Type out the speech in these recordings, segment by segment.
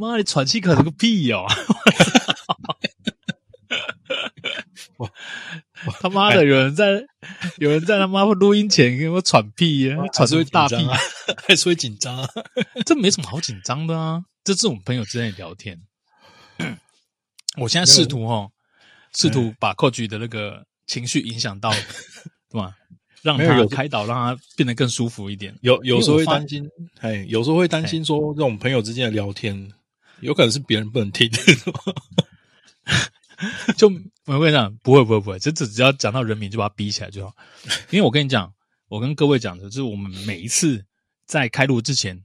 媽，你喘氣可是個屁哦！ 我，我他媽的，有人在、哎，有人在他媽錄音前給我喘屁耶、啊，喘出一大屁、啊，還說會緊張、啊，緊張啊、 這沒什麼好緊張的啊，這是我們朋友之間的聊天。 我現在試圖哈、哦，試圖把 Coach 的那個情緒影響到，對吧？讓他開導，讓他變得更舒服一點。有有時候會擔心，哎，有時候會擔心說，這種朋友之間的聊天。有可能是別人不能聽的 就，就我跟你講，不會不會不會，只只只要講到人名就把它逼起來就好。因為我跟你講，我跟各位講的就是我們每一次在開錄之前，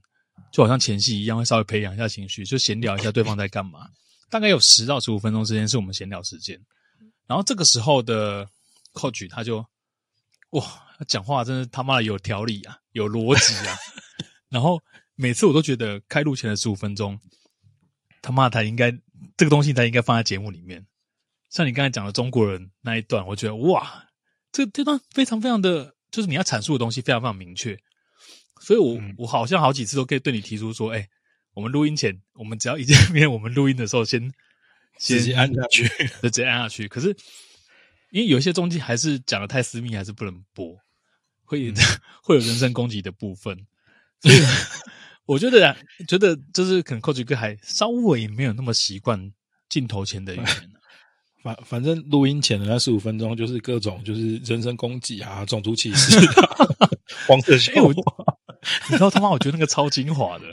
就好像前戲一樣，會稍微培養一下情緒，就閒聊一下對方在幹嘛。 大概有十到十五分鐘之間是我們閒聊時間，然後這個時候的 coach 他就哇講話，真的他媽的有條理啊，有邏輯啊。 然後每次我都覺得開錄前的十五分鐘。他媽，他應該這個東西，他應該放在節目裡面。像你剛才講的中國人那一段，我覺得哇，這這段非常非常的，就是你要闡述的東西非常非常明確。所以我，我、嗯、我好像好幾次都可以對你提出說，哎，我們錄音前，我們只要一見面，我們錄音的時候先直接按下去，直接按下去。 可是，因為有些東西還是講的太私密，還是不能播，會、嗯、會有人身攻擊的部分。 所以 我覺得、啊、覺得就是可能 Coach 哥還稍微沒有那麼習慣鏡頭前的一面、啊、反反正錄音前的那十五分鐘，就是各種就是人身攻擊啊、種族歧視、啊、 黃色笑話。你知道他媽，我覺得那個超精華的，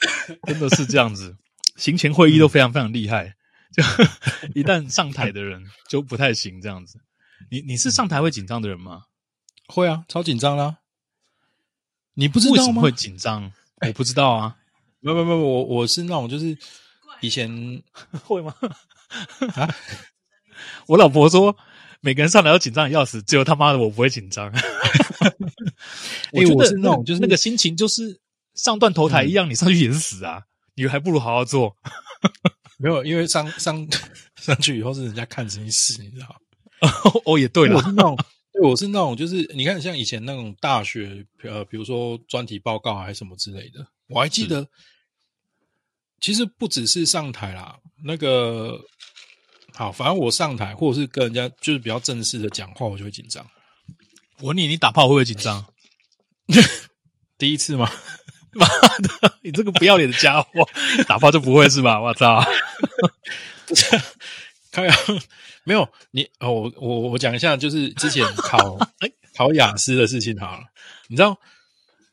真的是這樣子。行前會議都非常非常厲害，嗯、就一旦上台的人就不太行這樣子。你你是上台會緊張的人嗎、嗯？會啊，超緊張啦。你不知道嗎？為什麼會緊張？我不知道啊，沒、欸、有沒有沒有，我我是那種就是以前會嗎？啊，我老婆說每個人上來都緊張的要死，只有他媽的我不會緊張 、欸。我覺得我是那種就是那個心情，就是上斷頭台一樣、嗯，你上去也是死啊，你還不如好好做。 沒有，因為上上上去以後是人家看誰死，你知道嗎？哦，哦，也對了。我 對，我是那種，就是你看，像以前那種大學，呃，比如說專題報告還是什麼之類的，我還記得。其實不只是上台啦，那個好，反正我上台或者是跟人家就是比較正式的講話，我就會緊張。我問你，你打炮會不會緊張？哎、 第一次嗎？媽的，你這個不要臉的傢伙，打炮就不會是吧？我操、啊！ 看呀，沒有你哦，我我我講一下，就是之前考哎 考雅思的事情好了。你知道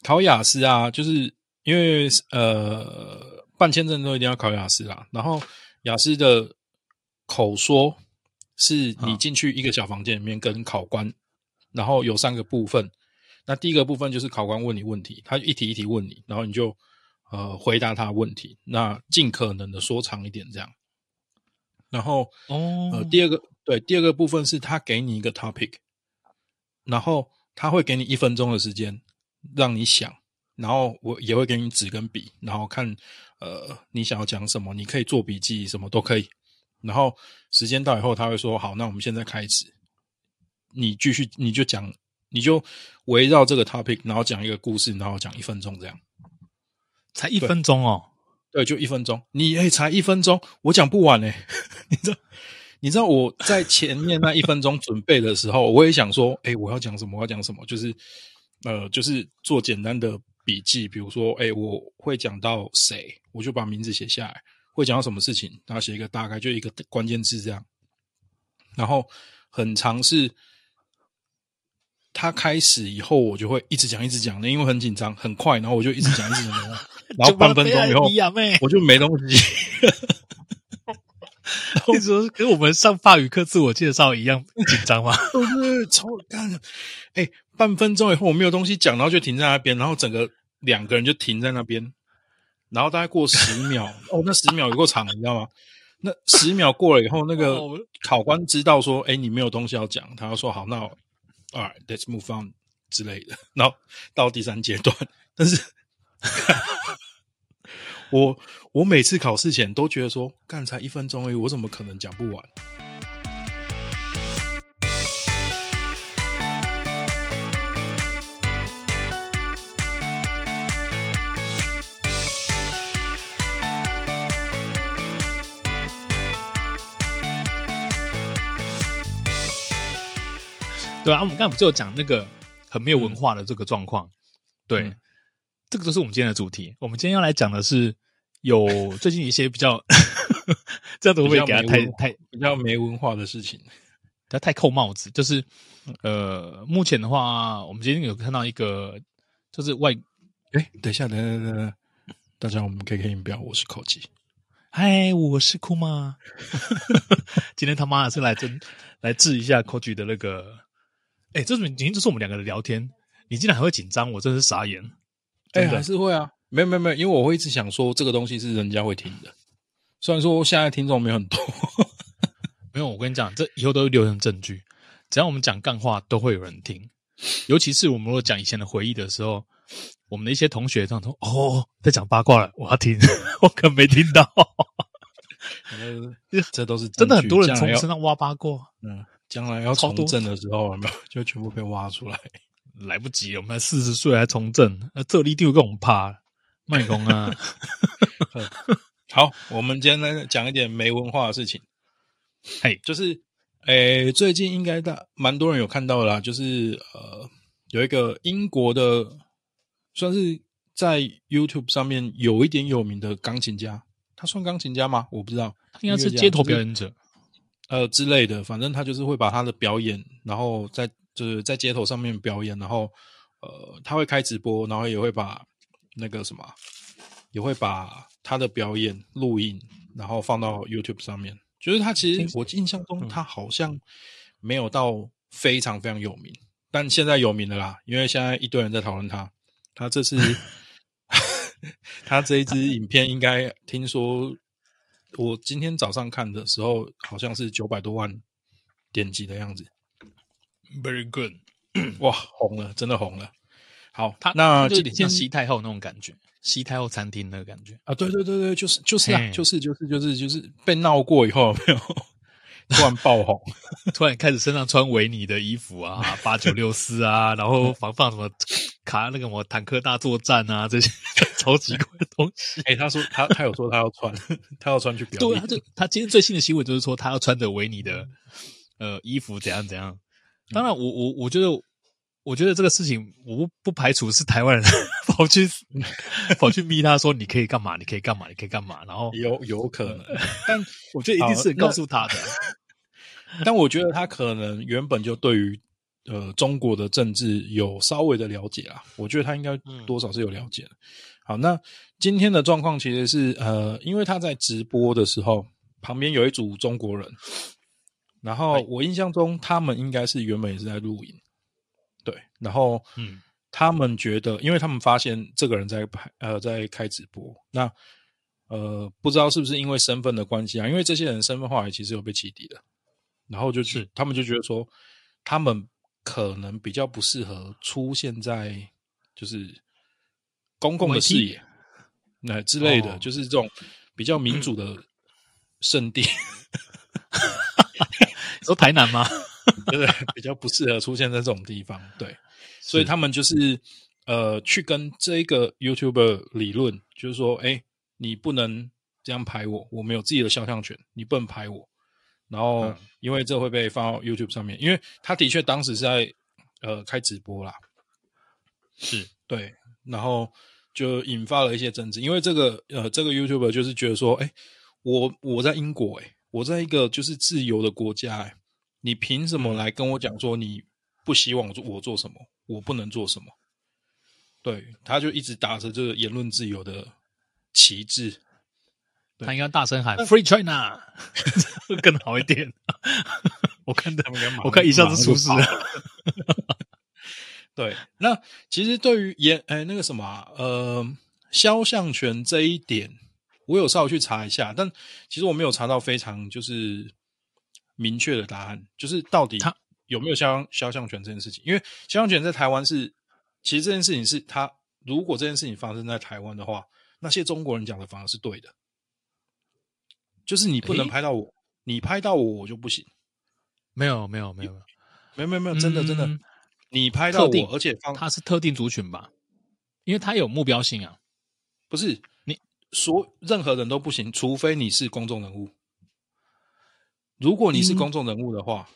考雅思啊，就是因為呃辦簽證都一定要考雅思啦。然後雅思的口說是你進去一個小房間裡面跟考官，啊，然後有三個部分。那第一個部分就是考官問你問題，他一題一題問你，然後你就呃回答他的問題，那盡可能的說長一點這樣。然後，哦，呃，第二個對，第二個部分是他給你一個 topic，然後他會給你一分鐘的時間讓你想，然後我也會給你紙跟筆，然後看呃你想要講什麼，你可以做筆記，什麼都可以。然後時間到以後，他會說好，那我們現在開始，你繼續你就講，你就圍繞這個 topic，然後講一個故事，然後講一分鐘這樣，才一分鐘哦。對，就一分鐘。你哎、欸，才一分鐘，我講不完誒、欸、 你知道，你知道我在前面那一分鐘準備的時候， 我也想說，哎、欸，我要講什麼？我要講什麼？就是，呃，就是做簡單的筆記。比如說，哎、欸，我會講到誰，我就把名字寫下來；會講到什麼事情，然後寫一個大概，就一個關鍵字這樣。然後，很常是，他開始以後，我就會一直講，一直講的，因為很緊張，很快，然後我就一直講，一直講。 然後半分鐘以後，我就沒東西。一直跟我們上法語課自我介紹一樣緊張嗎？不是，超幹！哎，半分鐘以後我沒有東西講，然後就停在那邊，然後整個兩個人就停在那邊。然後大概過十秒， 哦，那十秒也夠長， 你知道嗎？那十秒過了以後，那個考官知道說：“哎，你沒有東西要講。”他要說：“好，那我，all right，let's move on 之類的。”然後到第三階段，但是。哈， 我我每次考試前都覺得說，剛才一分鐘而已，我怎麼可能講不完 對啊，我們剛才不就講那個很沒有文化的這個狀況？對。嗯這個都是我們今天的主題。我們今天要來講的是有最近一些比較 這樣子會不會給他太太比，比較沒文化的事情，他太扣帽子。就是呃，目前的話，我們今天有看到一個，就是外哎、欸，等一下，等一下，等一下，等一下，大家我們 KK 音標，我是 COGee。嗨，我是哭媽， 今天他媽的是來真，來治一下 COGee 的那個，哎、欸，這種，明就是我們兩個人聊天，你竟然還會緊張，我真是傻眼。哎、欸，還是會啊，沒有沒有沒有，因為我會一直想說這個東西是人家會聽的，雖然說現在聽眾沒有很多， 沒有。我跟你講，這以後都會留成證據。只要我們講幹話，都會有人聽。尤其是我們如果講以前的回憶的時候，我們的一些同學這樣說：“哦，在講八卦了。”我要聽，我可沒聽到。呃， 這都是真的，很多人從身上挖八卦。嗯，將來要重證的時候，就全部被挖出來。來不及，我們才四十歲還從政，那這裡一定更怕麥克啊！好，我們今天來講一點沒文化的事情。嘿、hey.，就是誒、欸，最近應該大蠻多人有看到的啦，就是呃，有一個英國的，算是在 YouTube 上面有一點有名的鋼琴家，他算鋼琴家嗎？我不知道，他應該是街頭表演者、就是、呃之類的，反正他就是會把他的表演，然後在。就是在街頭上面表演，然後，呃，他會開直播，然後也會把那個什麼，也會把他的表演錄音，然後放到 YouTube 上面。就是他其實我印象中他好像沒有到非常非常有名，嗯、但現在有名了啦，因為現在一堆人在討論他。他這次 他這一支影片，應該聽說我今天早上看的時候，好像是九百多萬點擊的樣子。Very good！哇，紅了，真的紅了。好，他那有點像西太后那種感覺，西太后餐廳那個感覺啊。對對對對，就是就是啊，就是就是就是就是被鬧過以後，沒 有突然爆紅，突然開始身上穿維尼的衣服啊，八九六四啊， 然後放放什麼卡那個什麼坦克大作戰啊這些超級貴的東西。哎、欸，他說他他有說他要穿， 他要穿去表演。對，他就他今天最新的新聞就是說他要穿着維尼的 呃衣服怎樣怎樣。當然我，我我我覺得，我覺得這個事情，我不不排除是台灣人跑去 跑去逼他說，你可以幹嘛？你可以幹嘛？你可以幹嘛？然後有有可能， 但我覺得一定是告訴他的。 但我覺得他可能原本就對於呃中國的政治有稍微的了解啊，我覺得他應該多少是有了解的。嗯、好，那今天的狀況其實是呃，因為他在直播的時候，旁邊有一組中國人。然後我印象中，他們應該是原本也是在露營，對。然後，嗯，他們覺得，因為他們發現這個人在拍，呃，在開直播。那，呃，不知道是不是因為身份的關係啊？因為這些人身份化其實有被起底了。然後就是，他們就覺得說，他們可能比較不適合出現在就是公共的視野，那之類的就是這種比較民主的聖地。 說 台南嗎？ 對，比較不適合出現在這種地方。對，所以他們就是呃，去跟這一個 YouTuber 理論，就是說，哎、欸，你不能這樣拍我，我沒有自己的肖像權，你不能拍我。然後，因為這會被放到 YouTube 上面，因為他的確當時是在呃開直播啦，是對，然後就引發了一些爭執，因為這個呃，這個 YouTuber 就是覺得說，哎、欸，我我在英國、欸，哎。我在一個就是自由的國家，欸，你憑什麼來跟我講說你不希望我做我做什麼，我不能做什麼？對，他就一直打着這個言論自由的旗幟，他應該大聲喊 “Free China” 更好一點。 我看他們他，我看一下子出事了。 對，那其實對於言誒那個什麼、啊、呃肖像權這一點。我有稍微去查一下，但其實我沒有查到非常就是明確的答案，就是到底有沒有肖肖像權這件事情。因為肖像權在台灣是，其實這件事情是他，他如果這件事情發生在台灣的話，那些中國人講的反而是對的，就是你不能拍到我，欸、你拍到我我就不行。沒有沒有沒有沒有沒有沒有，真的、嗯、真的，你拍到我，而且他是特定族群吧，因為他有目標性啊，不是。所任何人都不行，除非你是公眾人物。如果你是公眾人物的話、嗯，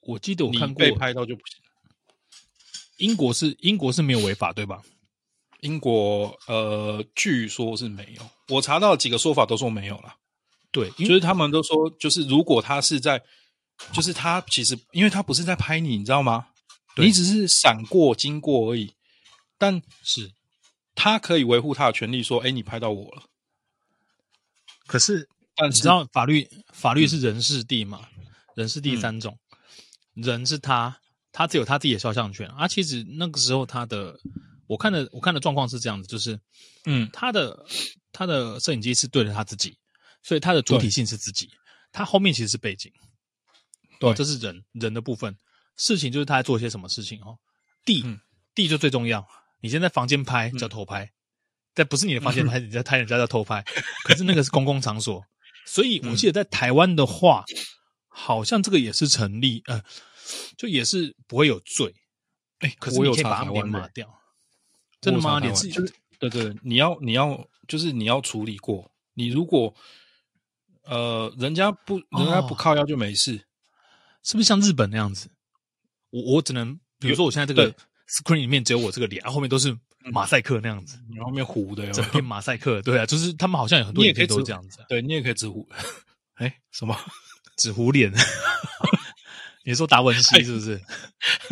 我記得我看過被拍到就不行。英國是英國是沒有違法對吧？英國呃，據說是沒有。我查到幾個說法都說沒有了。對，就是他們都說，就是如果他是在，就是他其實因為他不是在拍你，你知道嗎？你只是閃過經過而已。但是，他可以維護他的權利，說：“哎、欸，你拍到我了。”可是，你知道法律？法律是人、事、地嘛、嗯？人事地三種、嗯，人是他，他只有他自己的肖像權啊。其實那個時候，他的我看的我看的狀況是這樣子，就是，嗯，他的他的攝影機是對着他自己，所以他的主體性是自己，他後面其實是背景，對，嗯、這是人人的部分。事情就是他在做些什麼事情哦，地、嗯、地就最重要。你現在房間拍叫偷拍。嗯但不是你的房間，嗯、還是你在拍人家在偷拍？ 可是那個是公共場所，所以我記得在台灣的話，嗯、好像這個也是成立，呃，就也是不會有罪。哎、欸，可是你可以把臉抹掉，真的嗎？你自己。臉是就是、對，對對，你要你要就是你要處理過。你如果呃，人家不人家不靠腰就沒事、哦，是不是像日本那樣子？我我只能比如說我現在這個 screen 裡面只有我這個臉，後面都是。馬賽克那樣子，你後面糊的，整片馬賽克。對啊， 就是他們好像有很多，也可以紙這樣子、啊，對你也可以紙糊。指。 誒什麼紙糊 胡臉？ 你說達文西是不是？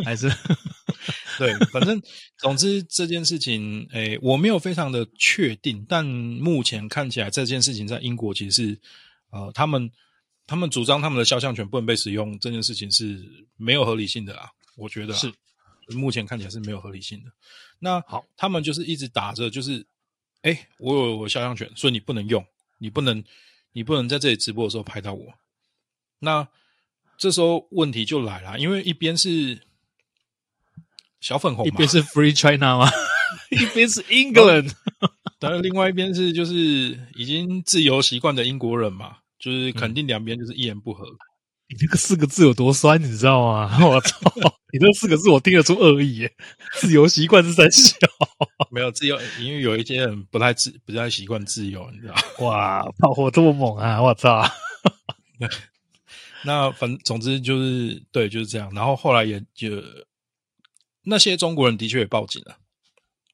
哎、還是 對，反正總之這件事情，誒我沒有非常的確定，但目前看起來這件事情在英國其實是，呃，他們他們主張他們的肖像權不能被使用，這件事情是沒有合理性的啦、啊。我覺得、啊、是，目前看起來是沒有合理性的。那好，他們就是一直打着，就是，哎、欸，我有我肖像權，所以你不能用，你不能，你不能在這裡直播的時候拍到我。那這時候問題就來了，因為一邊是小粉紅，一邊是 Free China 嘛， 一邊是 England。然 後、哦、另外一邊是就是已經自由習慣的英國人嘛，就是肯定兩邊就是一言不合。嗯你這個四個字有多酸，你知道嗎？我操！你這四個字我聽得出惡意。 自由習慣是三小， 沒有自由，因為有一些人不太自，不太習慣自由，你知道嗎？哇，炮火這麼猛啊！我操！那反總之就是對，就是這樣。然後後來也就，那些中國人的確也報警了，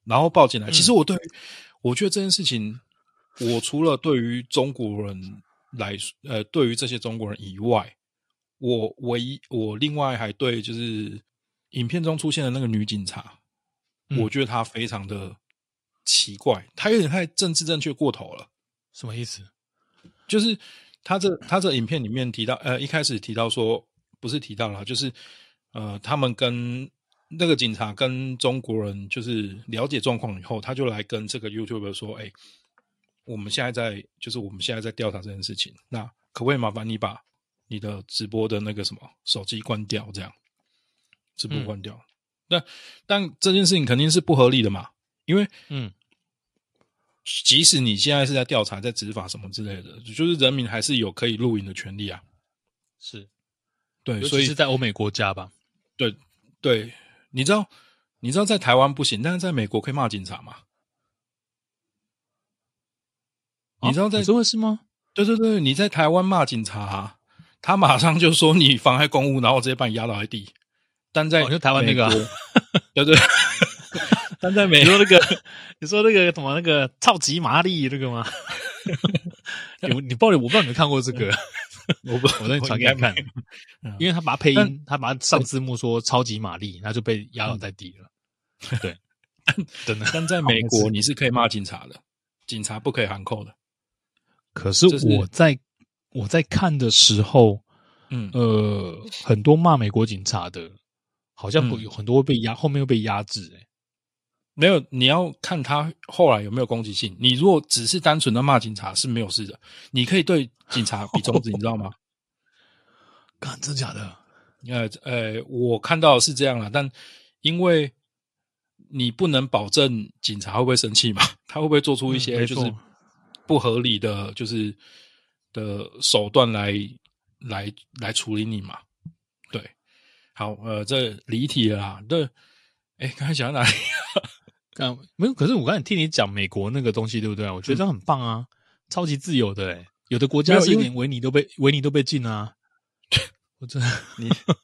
然後報警了、嗯。其實我對於我覺得這件事情，我除了對於中國人來說，呃，對於這些中國人以外。我唯一，我另外還對就是影片中出現的那個女警察，嗯、我覺得她非常的奇怪，她有點太政治正確過頭了。什麼意思？就是他這他這影片裡面提到，呃，一開始提到說不是提到了，就是呃，他們跟那個警察跟中國人就是了解狀況以後，他就來跟這個 YouTuber 說：“哎、欸，我們現在在就是我們現在在調查這件事情，那可不可以麻煩你把？”你的直播的那個什麼手機關掉，這樣直播關掉。那、嗯、但，但這件事情肯定是不合理的嘛，因為嗯，即使你現在是在調查、在執法什麼之類的，就是人民還是有可以錄影的權利啊。是，對，所以是在歐美國家吧？對，對，你知道，你知道在台灣不行，但是在美國可以罵警察嘛？啊、你知道在什麼事嗎？對對對，你在台灣罵警察、啊。他馬上就說你妨害公務，然後直接把你壓倒在地。但在說、哦、台灣那個、啊，對不對？但在美國，你說那個，你說那個什麼那個超級瑪麗那個嗎？ 你你爆料我不知道你有沒有看過這個，我不我道，你傳給看，因為他把他配音，嗯、他把他上字幕說超級瑪麗、嗯，他就被壓倒在地了。嗯、 對，但但 在美國你是可以罵警察的， 警察不可以喊扣的。可是我，是我在。我在看的時候，嗯，呃，很多罵美國警察的，好像會有很多會被壓、嗯，後面會被壓制、欸。哎，沒有，你要看他後來有沒有攻擊性。你如果只是單純的罵警察是沒有事的，你可以對警察比中指、哦，你知道嗎？哦、幹，真的假的呃？呃，我看到的是這樣啦，但因為你不能保證警察會不會生氣嘛，他會不會做出一些就是不合理的，就是。的手段來來來處理你嘛？對，好，呃，這離題了啦，這，哎、欸，剛才講哪裡？看， 沒有，可是我剛才聽你講美國那個東西，對不對？我覺得這很棒啊、嗯，超級自由的、欸，有的國家甚至連維尼都被維尼都被禁啊。 我真的真的笑你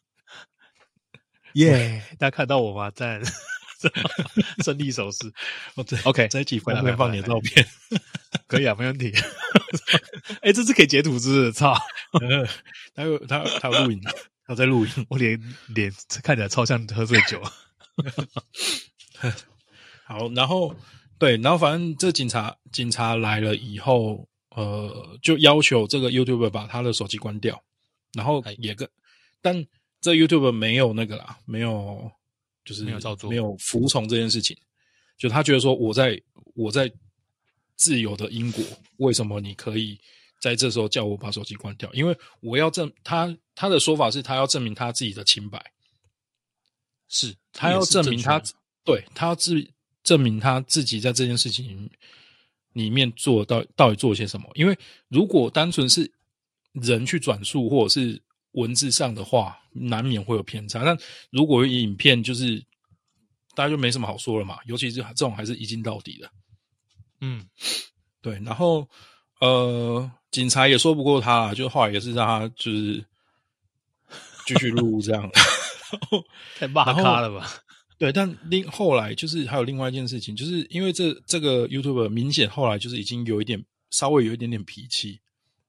耶、yeah，大家看到我嗎？在。勝 利手勢，OK，再一起回來我放你的照片，可以啊， 沒問題。哎、 欸，這是可以截圖是不是？是操！ 他有他他錄影，他在錄影。我臉看起來超像喝醉酒。 好，然後對，然後反正這警察警察來了以後，呃，就要求這個 YouTuber 把他的手機關掉，然後也跟，但這 YouTuber 沒有那個啦，沒有。就是沒有照做，沒有服從這件事情。就他覺得說，我在我在自由的英國，為什麼你可以在這時候叫我把手機關掉？因為我要證他他的說法是他要證明他自己的清白，是他要證明他對他要自證明他自己在這件事情裡面做到到底做些什麼？因為如果單純是人去轉述，或者是，文字上的話，難免會有偏差。但如果有影片就是，大家就沒什麼好說了嘛。尤其是這種，還是一鏡到底的。嗯，對。然後，呃，警察也說不過他，就後來也是讓他就是繼續錄這樣。 太罵他了吧？對。但另後來就是還有另外一件事情，就是因為這這個 YouTuber 明顯後來就是已經有一點，稍微有一點點脾氣。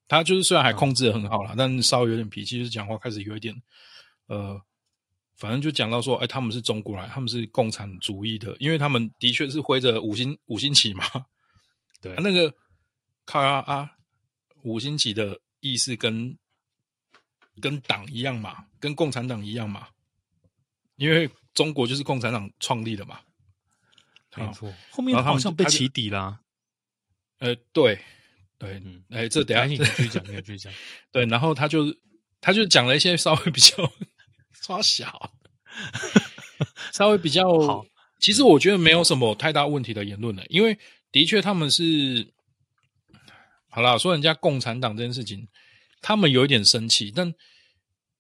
他就是雖然還控制的很好啦，嗯、但稍微有點脾氣，就是講話開始有一點，呃，反正就講到說，哎、欸，他們是中國人，他們是共產主義的，因為他們的確是揮着五星五星旗嘛，對，啊、那個卡拉拉，啊，五星旗的意思跟跟黨一樣嘛，跟共產黨一樣嘛，因為中國就是共產黨創立的嘛，沒錯、嗯，後面好像被起底啦、啊，呃，對。對、嗯，哎、欸，這等一下可以繼續講，可以 繼續講。對，然後他就他就講了一些稍微比較抓 刷小， 稍微比較好。其實我覺得沒有什麼太大問題的言論了，因為的確他們是好了說人家共產黨這件事情，他們有點生氣。但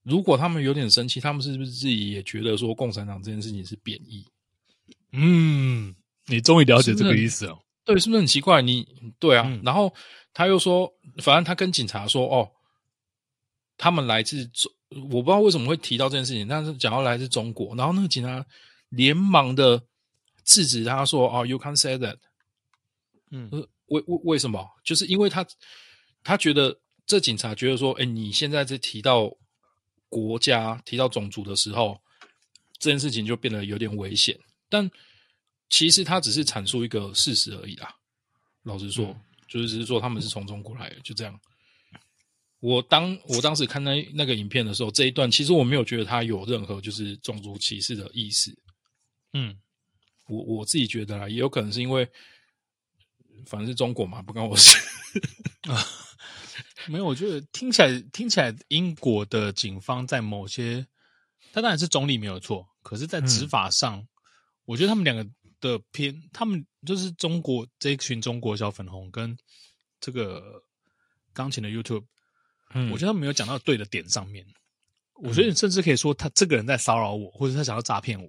如果他們有點生氣，他們是不是自己也覺得說共產黨這件事情是貶義？嗯，你終於了解這個意思了。對，是不是很奇怪？你對啊、嗯，然後。他又說：“反正他跟警察說，哦，他們來自中，我不知道為什麼會提到這件事情。但是講到來自中國，然後那個警察連忙的制止他說：‘嗯、哦，you can't say that。’嗯，為為為什麼？就是因為他他覺得這警察覺得說，哎，你現在在提到國家、提到種族的時候，這件事情就變得有點危險。但其實他只是闡述一個事實而已啦。老實說。嗯”就是只是說他們是從中國來的，就這樣。我當我當時看那那個影片的時候，這一段其實我沒有覺得他有任何就是種族歧視的意思。嗯，我我自己覺得啦，也有可能是因為，反正是中國嘛，不關我事。 沒有，我覺得聽起來聽起來英國的警方在某些，他當然是總理沒有錯，可是在執法上，嗯，我覺得他們兩個。的片，他們就是中國這一群中國小粉紅跟這個鋼琴的 YouTube，嗯，我覺得他們沒有講到對的點上面，嗯。我覺得甚至可以說，他這個人在騷擾我，或者他想要詐騙我，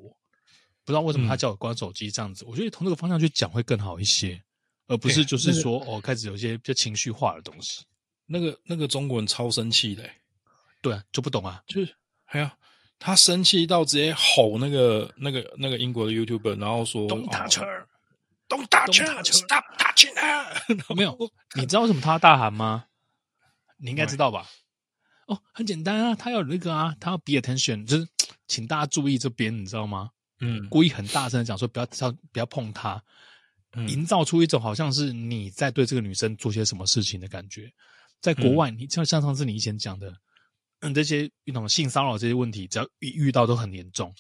不知道為什麼他叫我關手機這樣子。嗯、我覺得從這個方向去講會更好一些，而不是就是說、哎、是哦，開始有一些比較情緒化的東西。那個那個中國人超生氣的、欸，對啊，就不懂啊，就是還有。哎呀他生氣到直接吼那個那個那個英國的 YouTuber，然後說：“Don't touch her,、哦、Don't touch her, Stop touching her。”沒有， 你知道為什麼他大喊嗎？你應該知道吧？Right. 哦，很簡單啊，他要那個啊，他要 be attention，就是請大家注意這邊，你知道嗎？嗯，故意很大聲的講說不要不要不要碰他、嗯，營造出一種好像是你在對這個女生做些什麼事情的感覺。在國外，嗯、你像像上次你以前講的。嗯，這些那種性騷擾這些問題，只要一遇到都很嚴重，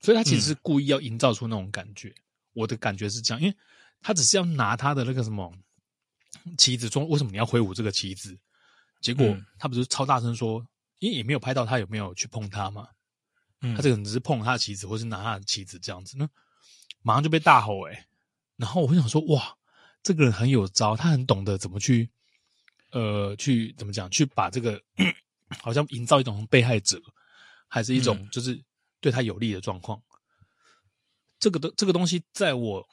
所以他其實是故意要營造出那種感覺。嗯、我的感覺是這樣，因為他只是要拿他的那個什麼旗子中，說為什麼你要揮舞這個旗子？結果他不是超大聲說，嗯、因為也沒有拍到他有沒有去碰他嘛，嗯。他這個人只是碰他的旗子，或是拿他的旗子這樣子，那馬上就被大吼哎，欸。然後我會想說，哇，這個人很有招，他很懂得怎麼去，呃，去怎麼講，去把這個。嗯好像營造一種被害者，還是一種就是對他有利的狀況、嗯。這個的這個東西在、呃，在我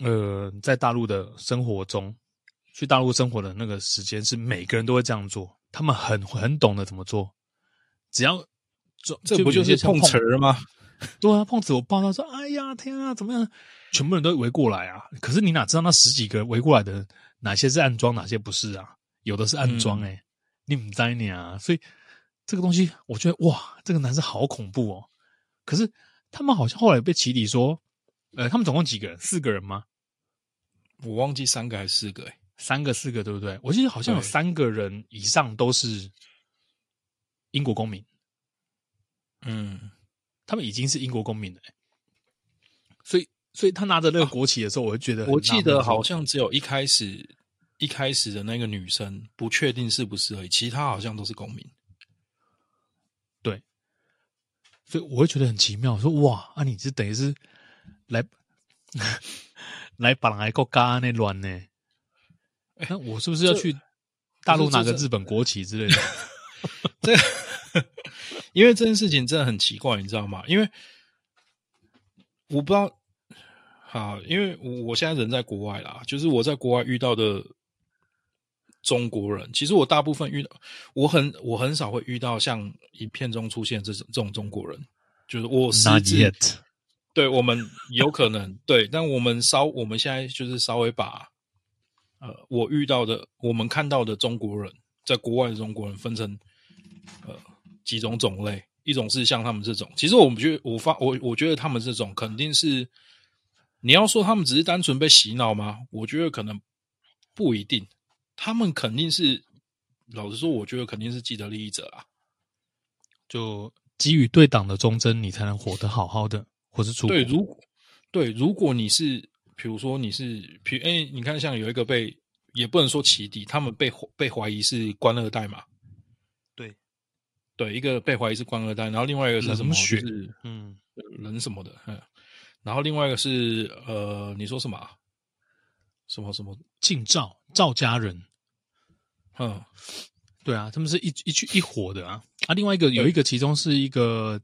呃，在大陸的生活中，去大陸生活的那個時間，是每個人都會這樣做。他們很很懂得怎麼做，只要這個、不就是有些碰瓷嗎？對啊，碰瓷！我爆，他說：“哎呀，天啊，怎麼樣？”全部人都圍過來啊！可是你哪知道那十幾個圍過來的哪些是暗裝，哪些不是啊？有的是暗裝誒。嗯你唔知你啊，所以這個東西，我覺得哇，這個男生好恐怖哦。可是他們好像後來被起底說，呃、欸，他們總共幾個人？四個人嗎？我忘記三個還是四個、欸？誒三個四個對不對？我記得好像有三個人以上都是英國公民。嗯，他們已經是英國公民了、欸，所以，所以他拿着那個國旗的時候，啊、我會覺得。我記得好像只有一開始。一開始的那個女生不確定是不是而已，其他好像都是公民。對，所以我會覺得很奇妙，說哇，啊，你這等於是來、嗯、 來把人來國家那亂呢、欸？那我是不是要去大陸拿個日本國旗之類的？就是、這，這 因為這件事情真的很奇怪，你知道嗎？因為我不知道，好，因為我我現在人在國外啦，就是我在國外遇到的。中國人其實我大部分遇到我很我很少會遇到像影片中出現這種這種中國人，就是我甚至對我們有可能 對，但我們稍我們現在就是稍微把呃我遇到的我們看到的中國人在國外的中國人分成呃幾種種類，一種是像他們這種，其實我們覺得我發我我覺得他們這種肯定是你要說他們只是單純被洗腦嗎？我覺得可能不一定。他們肯定是，老實說，我覺得肯定是既得利益者啊。就基於對黨的忠貞，你才能活得好好的，或是出國。對。如對，如果你是，比如說你是，比哎、欸，你看像有一個被，也不能說起底，他們被被懷疑是官二代嘛？對對，一個被懷疑是官二代，然後另外一個是什麼？血？嗯、就是，人什麼的，嗯，然後另外一個是呃，你說什麼、啊？什麼什麼晉趙趙家人，嗯，對啊，他們是一一去一夥的啊啊！另外一個有一個，其中是一個、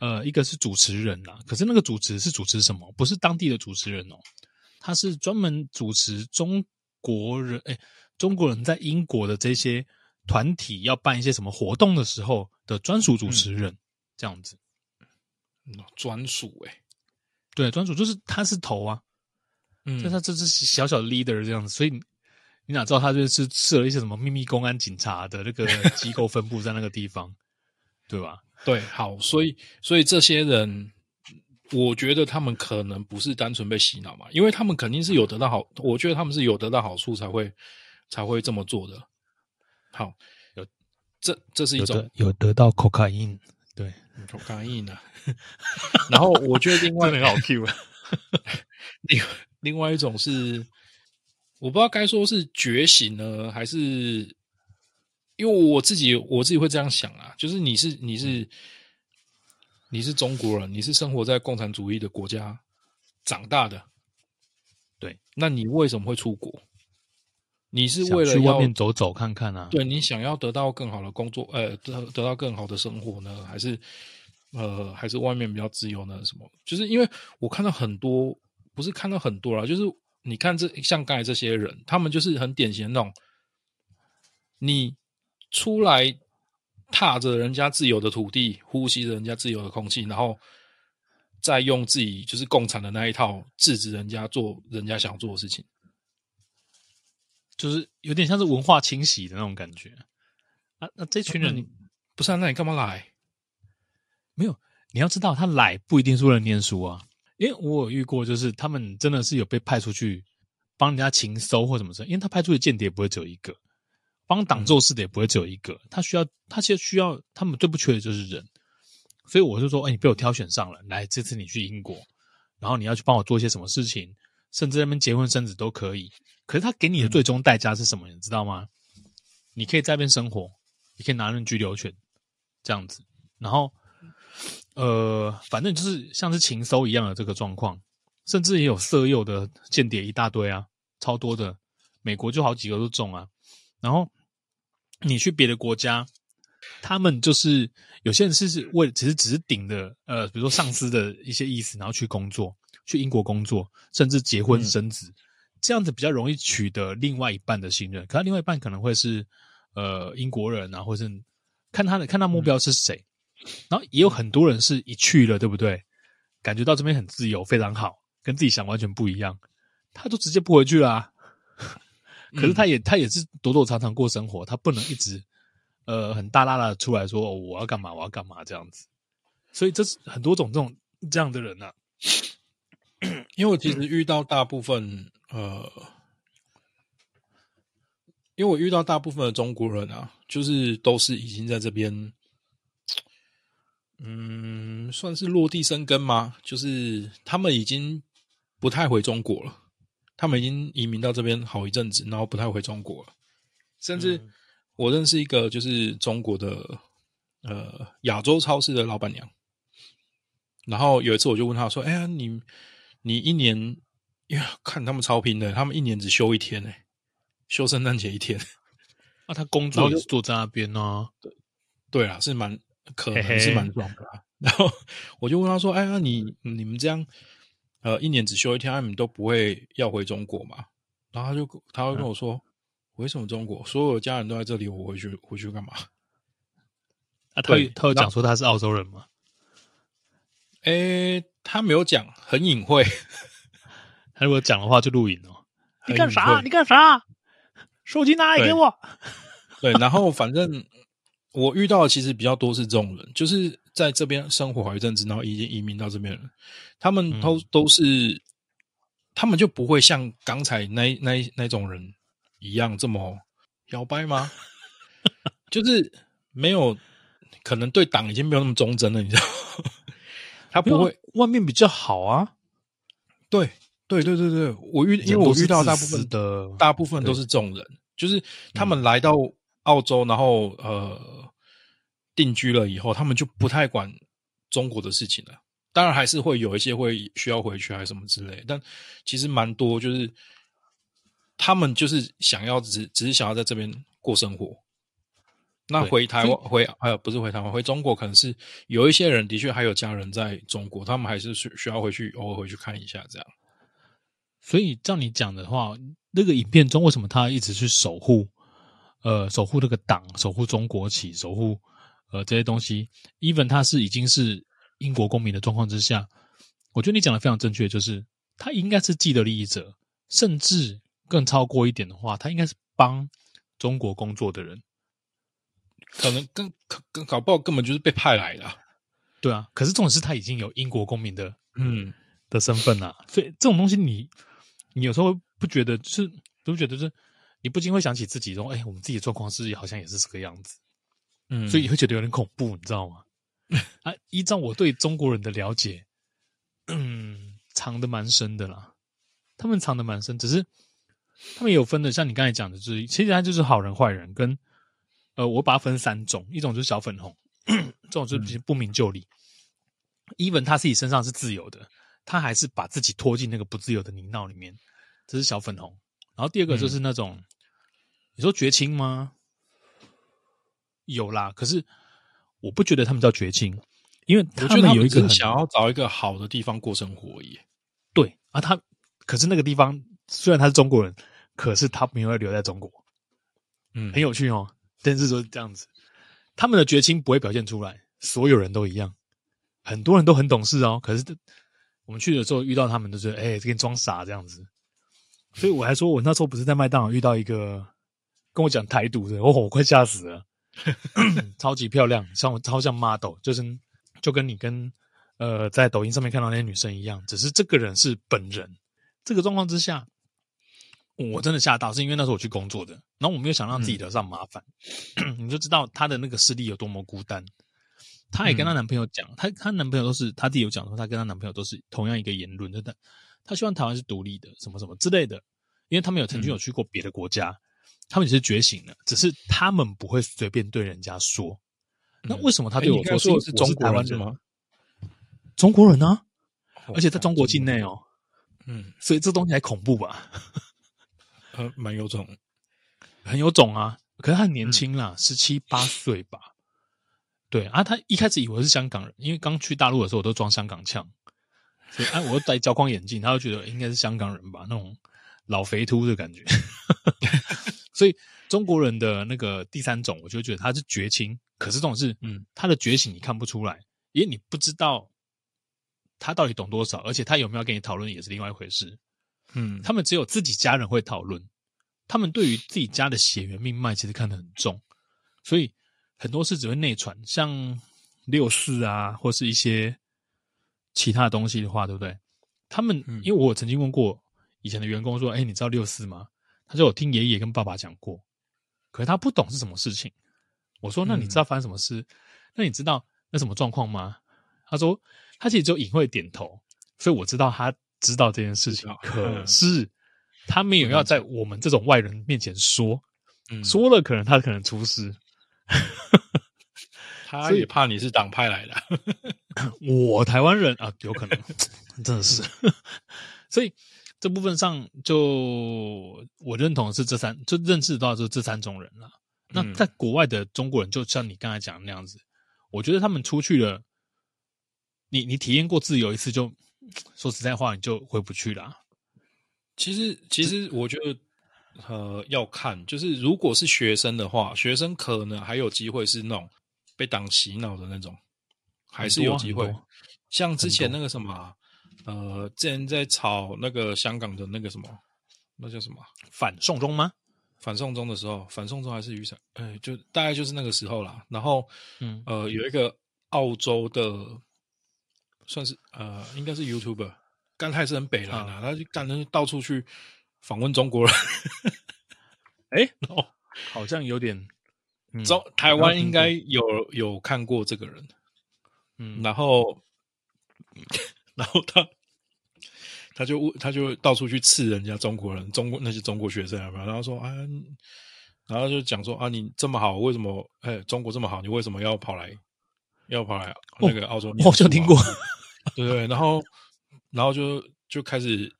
嗯、呃，一個是主持人啦、啊。可是那個主持是主持什麼？不是當地的主持人哦，他是專門主持中國人哎，中國人在英國的這些團體要辦一些什麼活動的時候的專屬主持人、嗯、這樣子。嗯、專屬誒、欸，對，專屬就是他是頭啊。但、嗯、他這是小小的 leader 這樣子，所以你，你哪知道他就是設了一些什麼秘密公安警察的那個機構分布在那個地方， 對吧？對，好，所以所以這些人，我覺得他們可能不是單純被洗腦嘛，因為他們肯定是有得到好，嗯、我覺得他們是有得到好處才會才會這麼做的。好，有這這是一種有得，有得到可卡因，對，可卡因啊。然後我覺得另外一個很好 Q，那個。 對 另外一種是，我不知道該說是覺醒呢，還是因為我自己我自己會這樣想啊，就是你是你是、嗯、你是中國人，你是生活在共產主義的國家長大的，對，那你為什麼會出國？你是為了去外面走走看看啊？對，你想要得到更好的工作，呃，得得到更好的生活呢，還是呃，還是外面比較自由呢？什麼？就是因為我看到很多。不是看到很多了，就是你看這像剛才這些人，他們就是很典型的那種，你出來踏着人家自由的土地，呼吸着人家自由的空氣，然後再用自己就是共產的那一套制止人家做人家想做的事情，就是有點像是文化清洗的那種感覺。那那、啊啊、這群人，嗯、不是、啊？那你幹嘛來？沒有，你要知道，他來不一定是為了念書啊。因為我有遇過，就是他們真的是有被派出去幫人家情搜或什麼事。因為他派出去間諜也不會只有一個，幫黨做事的也不會只有一個，他需要他其實需要他們最不缺的就是人。所以我就說，哎，你被我挑選上了，來這次你去英國，然後你要去幫我做一些什麼事情，甚至在那邊結婚生子都可以。可是他給你的最終代價是什麼，你知道嗎？你可以在那邊生活，你可以拿人居留權，這樣子，然後。呃，反正就是像是情搜一樣的這個狀況，甚至也有色誘的間諜一大堆啊，超多的。美國就好幾個都中啊。然後你去別的國家，他們就是有些人是為了其實只是頂着，呃，比如說上司的一些意思，然後去工作，去英國工作，甚至結婚生子，嗯、這樣子比較容易取得另外一半的信任。可他另外一半可能會是呃英國人啊，或是看他的看他目標是誰。嗯然後也有很多人是一去了，對不對？感覺到這邊很自由，非常好，跟自己想完全不一樣，他就直接不回去了、啊。 可是他也、嗯、他也是躲躲藏藏過生活，他不能一直呃很大大的出來說、哦，我要幹嘛，我要幹嘛這樣子。所以這是很多種這種這樣的人啊，因為我其實遇到大部分、嗯、呃，因為我遇到大部分的中國人啊，就是都是已經在這邊。嗯，算是落地生根嗎？就是他們已經不太回中國了，他們已經移民到這邊好一陣子，然後不太回中國了。甚至我認識一個就是中國的呃亞洲超市的老闆娘，然後有一次我就問他說：“哎、欸、呀，你你一年，看他們超拼的，他們一年只休一天呢，休聖誕節一天。那、啊、他工作就是坐在那邊呢、哦，對對啊，是蠻。”可能是蠻壯的、啊， 然後我就問他說：“哎那你你們這樣，呃，一年只休一天，你們都不會要回中國嘛？”然後他就他會跟我說：“啊、為什麼中國所有的家人都在這裡，我回去回去幹嘛？”啊、他他他會講說他是澳洲人嗎？哎、欸，他沒有講，很隱晦。 他如果講的話，就錄影哦。你幹啥？你幹啥，啊你幹啥啊？手機拿來給我對。對，然後反正。 我遇到的其實比較多是這種人，就是在這邊生活好一陣子，然後已經移民到這邊了。他們都、嗯、都是，他們就不會像剛才那那那種人一樣這麼搖擺嗎？ 就是沒有可能對黨已經沒有那麼忠貞了，你知道嗎？他不會外面比較好啊？對對對對對，我遇因為我遇到大部分的大部分都是這種人，就是他們來到。嗯澳洲，然後呃定居了以後，他們就不太管中國的事情了。當然還是會有一些會需要回去，還是什麼之類的。但其實蠻多，就是他們就是想要只只是想要在這邊過生活。那回台灣回還有、嗯哎、不是回台灣回中國，可能是有一些人的確還有家人在中國，他們還是需需要回去，偶爾回去看一下這樣。所以照你講的話，那個影片中為什麼他一直去守護？呃，守護這個黨，守護中國旗，守護呃這些東西，even 他是已經是英國公民的狀況之下，我覺得你講的非常正確，就是他應該是既得利益者，甚至更超過一點的話，他應該是幫中國工作的人，可能更可更搞不好根本就是被派來的，對啊，可是重點是他已經有英國公民的嗯的身份吶、啊，所以這種東西你你有時候不覺得是都覺得是。你不禁會想起自己，說：“哎、欸，我們自己的狀況是好像也是這個樣子。”嗯，所以你會覺得有點恐怖，你知道嗎？ 啊，依照我對中國人的了解，嗯，藏得蠻深的啦。他們藏得蠻深，只是他們有分的，像你剛才講的，就是其實他就是好人壞人，跟呃，我把它分三種，一種就是小粉紅，嗯、這種就是不明就裡、嗯。Even 他自己身上是自由的，他還是把自己拖進那個不自由的泥淖裡面，這是小粉紅。然後第二個就是那種，嗯、你說絕親嗎？有啦，可是我不覺得他們叫絕親，因為他們，我覺得他們有一個是想要找一個好的地方過生活而已。對啊他，他可是那個地方雖然他是中國人，可是他沒有留在中國。嗯，很有趣哦。但是說是這樣子，他們的絕親不會表現出來，所有人都一樣，很多人都很懂事哦。可是我們去的時候遇到他們、就是，都是哎這跟裝傻這樣子。所以，我還說，我那時候不是在麥當勞遇到一個跟我講台獨的、哦，我快嚇死了， 超級漂亮，像我超像 model，就是就跟你跟呃，在抖音上面看到那些女生一樣，只是這個人是本人。這個狀況之下，我真的嚇到，是因為那時候我去工作的，然後我沒有想讓自己惹上麻煩、嗯，你就知道她的那個勢力有多麼孤單。她也跟她男朋友講，她、嗯、她男朋友都是她自己有講說她跟她男朋友都是同樣一個言論，真的。他希望台灣是獨立的，什麼什麼之類的，因為他們有曾經有去過別的國家，嗯、他們只是覺醒了，只是他們不會隨便對人家說、嗯。那為什麼他對我說？我、欸、說我是台灣人嗎？中國人呢、啊喔？而且在中國境內哦、喔。嗯，所以這東西還恐怖吧？很 蠻、呃、有種，很有種啊！可是他很年輕啦，十七八歲吧？對啊，他一開始以為是香港人，因為剛去大陸的時候，我都裝香港腔。哎、 啊，我又戴膠框眼鏡，他就覺得應該是香港人吧，那種老肥禿的感覺。 所以中國人的那個第三種，我就覺得他是絕情，可是這種是，嗯，他的覺醒你看不出來，因為你不知道他到底懂多少，而且他有沒有跟你討論也是另外一回事。嗯，他們只有自己家人會討論，他們對於自己家的血緣命脈其實看得很重，所以很多事只會內傳，像六四啊，或是一些。其他的東西的話，對不對？他們因為我曾經問過以前的員工說：“哎、嗯，欸，你知道六四嗎？”他說：“我聽爺爺跟爸爸講過，可是他不懂是什麼事情。”我說：“那你知道發生什麼事？嗯、那你知道那什麼狀況嗎？”他說：“他其實只有隱晦點頭，所以我知道他知道這件事情，可是他沒有要在我們這種外人面前說。說了，可能他可能出事，嗯、 他也怕你是黨派來的。 ”我台灣人啊，有可能 真的是， 所以這部分上就我認同的是這三，就認識到的是這三種人了、嗯。那在國外的中國人，就像你剛才講的那樣子，我覺得他們出去了，你你體驗過自由一次就，就說實在話，你就回不去了、啊。其實，其實我覺得，呃，要看，就是如果是學生的話，學生可能還有機會是那種被黨洗腦的那種。還是有機會，像之前那個什麼、啊，呃，之前在炒那個香港的那個什麼，那叫什麼反送中嗎？反送中的時候，反送中還是雨傘？呃，就大概就是那個時候啦。然後，嗯，呃，有一個澳洲的，算是呃，應該是 YouTuber，剛開始很北人啊，他就敢人到處去訪問中國人。哎，哦，好像有點、嗯，中、嗯、台灣應該有有看過這個人。嗯，然後，然後他他就問，他就到處去刺人家中國人，中國那些中國學生啊，然後說啊、哎，然後就講說啊，你這麼好，為什麼哎，中國這麼好，你為什麼要跑來，要跑來那個澳洲？哦、好我好像聽過，對，對？然後，然後就就開始，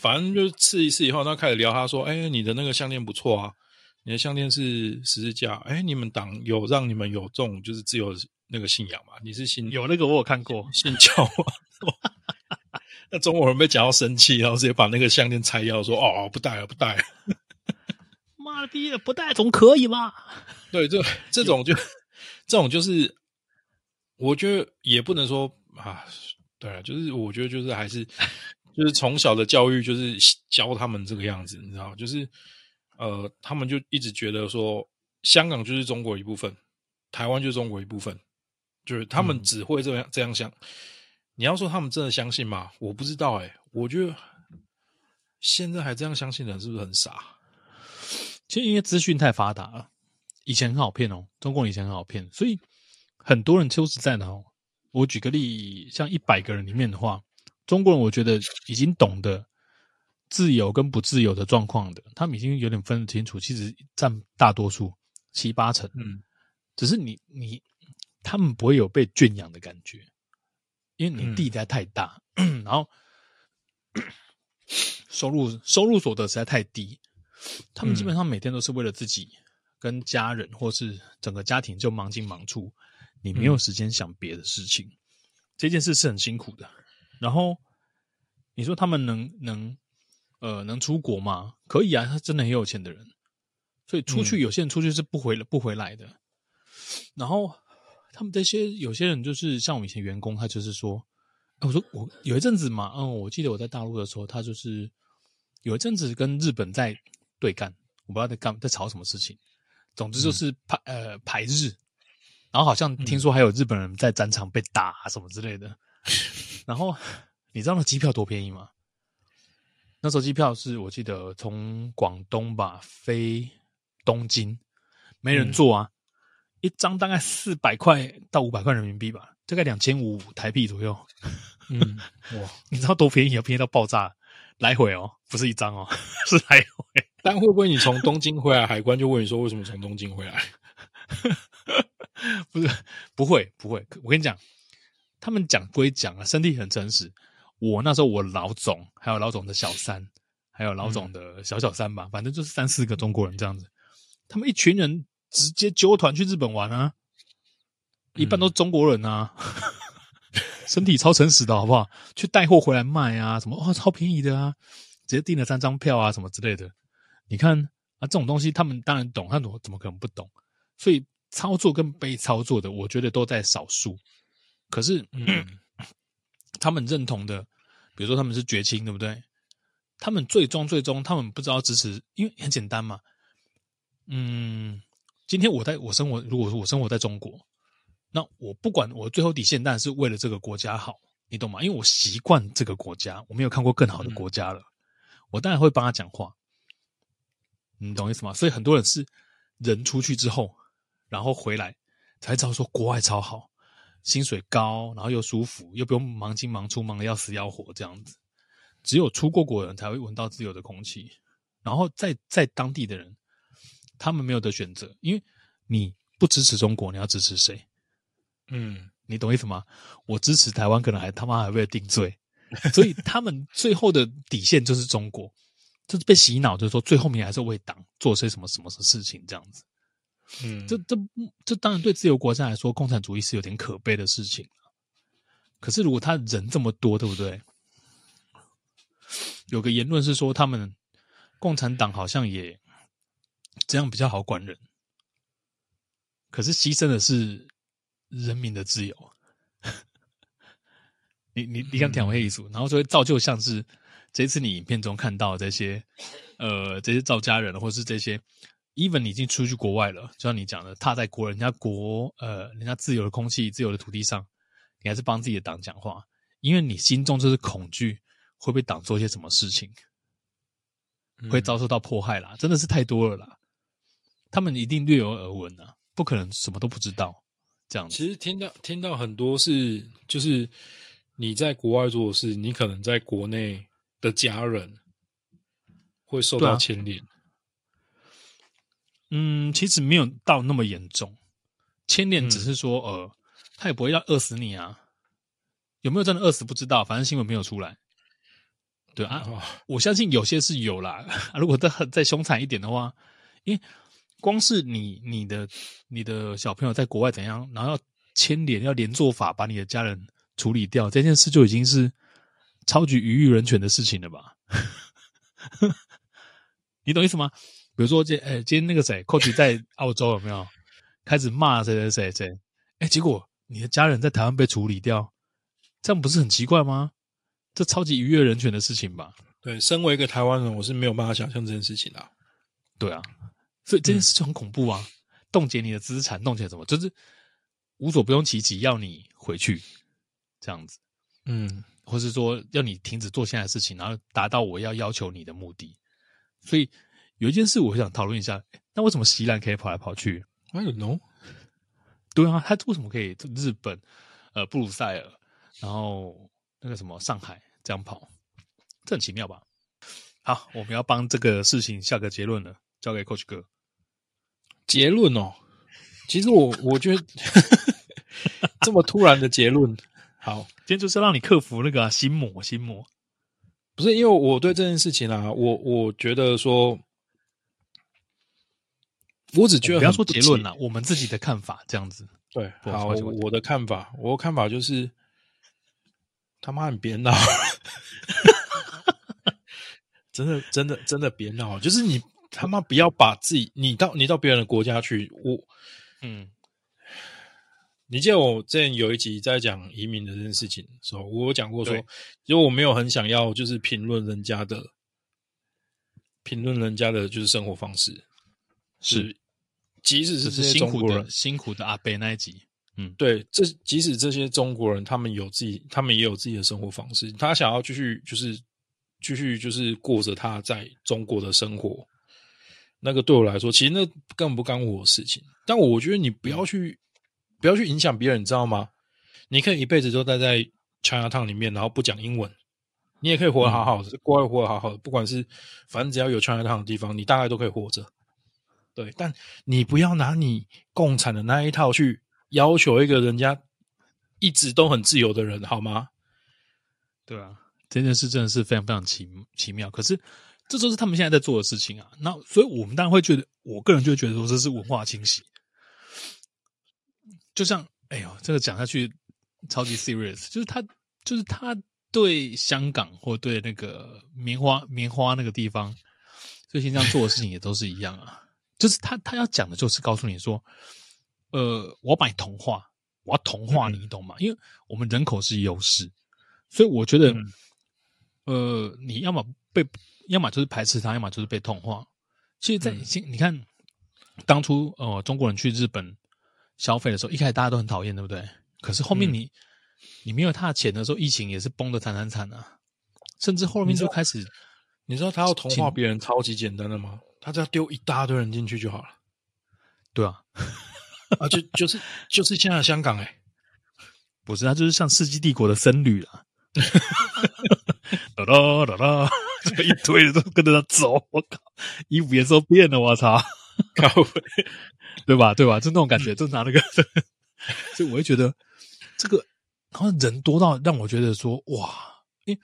反正就刺一刺以後，然後開始聊，他說，哎，你的那個項鏈不錯啊。你的項鏈是十字架，哎、欸，你們黨有讓你們有這種就是自由那個信仰嗎？你是信有那個，我有看過信教嗎？ 那中國人被講到生氣，然後直接把那個項鏈拆掉，說：“哦，不帶了，不帶了。”媽的，逼的，不帶總可以吧？對，這這種就這種就是，我覺得也不能說啊，對啊，就是我覺得就是還是就是從小的教育就是教他們這個樣子，你知道，就是。呃，他們就一直覺得說，香港就是中國一部分，台灣就是中國一部分，就是他們只會這樣、嗯、這樣想。你要說他們真的相信嗎？我不知道哎、欸，我覺得現在還這樣相信的人是不是很傻？其實因為資訊太發達了，以前很好騙哦，中國以前很好騙，所以很多人，說實在的哦，我舉個例，像一百個人裡面的話，中國人我覺得已經懂得。自由跟不自由的狀況的，他們已經有點分得清楚。其實占大多數七八成，嗯、只是你你他們不會有被圈養的感覺，因為你地在太大，嗯、然後 收入收入所得實在太低，嗯、他們基本上每天都是為了自己跟家人或是整個家庭就忙進忙出，你沒有時間想別的事情。嗯、這件事是很辛苦的，然後你說他們能能。呃，能出國嗎？可以啊，他真的很有錢的人，所以出去，嗯、有些人出去是不回不回來的。然後他們這些有些人就是像我以前員工，他就是說，誒，我說我有一陣子嘛，嗯、呃，我記得我在大陸的時候，他就是有一陣子跟日本在對幹，我不知道在幹在吵什麼事情，總之就是排，嗯、呃排日，然後好像聽說還有日本人在戰場被打什麼之類的。嗯、然後你知道那機票多便宜嗎？那時候機票是我記得從廣東吧飛東京，沒人坐啊，嗯、一張大概四百塊到五百塊人民幣吧，大概兩千五台幣左右。嗯，哇，你知道多便宜？要便宜到爆炸，來回哦，不是一張哦，是來回。但會不會你從東京回來，海關就問你說為什麼從東京回來？ 不是，不會不會，我跟你講，他們講歸講啊，身體很誠實。我那時候，我老總，還有老總的小三，還有老總的小小三吧、嗯，反正就是三四個中國人這樣子。他們一群人直接揪團去日本玩啊、嗯，一半都是中國人啊，嗯、呵呵身體超誠實的好不好？ 去帶貨回來賣啊，什麼、哦、超便宜的啊，直接訂了三張票啊，什麼之類的。你看啊，這種東西他們當然懂，他怎怎麼可能不懂？所以操作跟被操作的，我覺得都在少數。可是，嗯。他們認同的，比如說他們是絕親，對不對？他們最終最終，他們不知道支持，因為很簡單嘛。嗯，今天我在我生活，如果說我生活在中國，那我不管我最後底線，當然是為了這個國家好，你懂嗎？因為我習慣這個國家，我沒有看過更好的國家了，嗯、我當然會幫他講話。你懂意思嗎？所以很多人是人出去之後，然後回來才知道說國外超好。薪水高，然後又舒服，又不用忙進忙出，忙得要死要活這樣子。只有出過國的人才會聞到自由的空氣。然後在在當地的人，他們沒有的選擇，因為你不支持中國，你要支持誰？嗯，你懂意思嗎？我支持台灣，可能還他媽還被定罪。 所以他們最後的底線就是中國，就是被洗腦，就是說最後面還是為黨做些什麼什麼什麼事情這樣子。嗯，這，這這這當然對自由國家來說，共產主義是有點可悲的事情。可是如果他人這麼多，對不對？有個言論是說，他們共產黨好像也這樣比較好管人，可是犧牲的是人民的自由。 你你你剛剛講黑一組，嗯、然後就會造就像是這次你影片中看到的這些，呃，這些趙家人或是這些。even 你已經出去國外了，就像你講的，踏在國人，人家國，呃，人家自由的空氣、自由的土地上，你還是幫自己的黨講話，因為你心中就是恐懼會被黨做些什麼事情，會遭受到迫害啦，嗯，真的是太多了啦，他們一定略有耳聞吶，不可能什麼都不知道這樣子。其實聽到聽到很多是，就是你在國外做的事，你可能在國內的家人會受到牽連。嗯，其實沒有到那麼嚴重，牽連只是說、嗯，呃，他也不會要餓死你啊。有沒有真的餓死不知道，反正新聞沒有出來。對啊，啊，我相信有些是有啦。啊，如果再再兇殘一點的話，因為光是你、你的、你的小朋友在國外怎樣，然後要牽連要連坐法把你的家人處理掉這件事，就已經是超級逾越人權的事情了吧？ 你懂意思嗎？比如說今，今、欸、誒，今天那個誰，Coach 在澳洲有沒有開始罵誰誰誰誰？哎、欸，結果你的家人在台灣被處理掉，這樣不是很奇怪嗎？這超級逾越人權的事情吧？對，身為一個台灣人，我是沒有辦法想象這件事情的。對啊，所以這件事情很恐怖啊！凍、嗯、結你的資產，凍結什麼？就是無所不用其極，要你回去這樣子，嗯，或是說要你停止做現在的事情，然後達到我要要求你的目的，所以。有一件事我想討論一下、欸，那為什麼西蘭可以跑來跑去？I don't know。對啊，他為什麼可以日本、呃布魯塞爾，然後那個什麼上海這樣跑？這很奇妙吧？好，我們要幫這個事情下個結論了，交給 Coach 哥。結論哦，其實我我覺得 這麼突然的結論，好，今天就是讓你克服那個、啊、心魔，心魔不是因為我對這件事情啊，我我覺得說。我只覺得不，不要說結論了， 我們自己的看法這樣子。對，好，我，我的看法，我的看法就是，他媽你別鬧， 真的，真的，真的別鬧，就是你他媽不要把自己，你到你到別人的國家去，我，嗯，你記得我之前有一集在講移民的這件事情的時候，我有講過說，如果我沒有很想要，就是評論人家的，評論人家的，就是生活方式。是，即使是這些中國人只是辛苦，辛苦的阿北奈吉，嗯，對，這即使這些中國人，他們有自己，他們也有自己的生活方式。他想要繼續，就是繼續，就是過着他在中國的生活。那個對我來說，其實那根本不關我的事情。但我覺得你不要去、嗯，不要去影響別人，你知道嗎？你可以一輩子都待在 Chinatown 裡面，然後不講英文，你也可以活得好好的，嗯、國外活得好好的。不管是，反正只要有 Chinatown 的地方，你大概都可以活着。對，但你不要拿你共產的那一套去要求一個人家一直都很自由的人，好嗎？對啊，這件事真的是非常非常奇奇妙。可是，這就是他們現在在做的事情啊。那所以我們當然會覺得，我個人就會覺得說這是文化清洗。就像，哎呦，這個講下去超級 serious。就是他，就是他對香港或對那個棉花棉花那個地方，最近這樣做的事情也都是一樣啊。 就是他，他要講的就是告訴你說，呃，我要買同化，我要同化你，你、嗯，懂嗎？因為我們人口是優勢，所以我覺得，嗯、呃，你要麼被，要麼就是排斥他，要麼就是被同化。其實在，在、嗯、你，你看，當初呃，中國人去日本消費的時候，一開始大家都很討厭，對不對？可是後面你，嗯、你沒有他的錢的時候，疫情也是崩的慘慘慘啊，甚至後面就開始，你知道他要同化別人超級簡單的嗎？他只要丟一大堆人進去就好了，對啊， 啊就就是就是現在的香港誒、欸、不是，他就是像世紀帝國的僧侶了，噠噠噠噠，就一堆人都跟着他走，我靠，衣服也都變了，我操， 對吧對吧？就那種感覺，嗯、就拿那個， 所以我會覺得這個好像人多到讓我覺得說哇，因為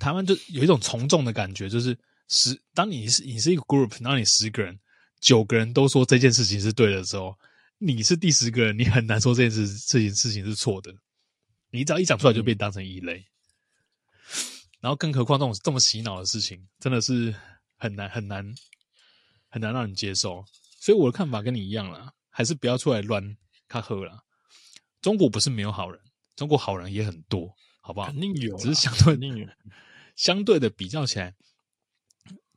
台灣就有一種從眾的感覺，就是。十當你是你是一個 group，當你十個人九個人都說這件事情是對的時候，你是第十個人，你很難說這件事情這件事情是錯的。你只要一講出來，就被當成異類。嗯。然後更何況這種這麼洗腦的事情，真的是很難很難很難讓人接受。所以我的看法跟你一樣了，還是不要出來亂插喝了。中國不是沒有好人，中國好人也很多，好不好？肯定有，只是相對 相對的比較起來。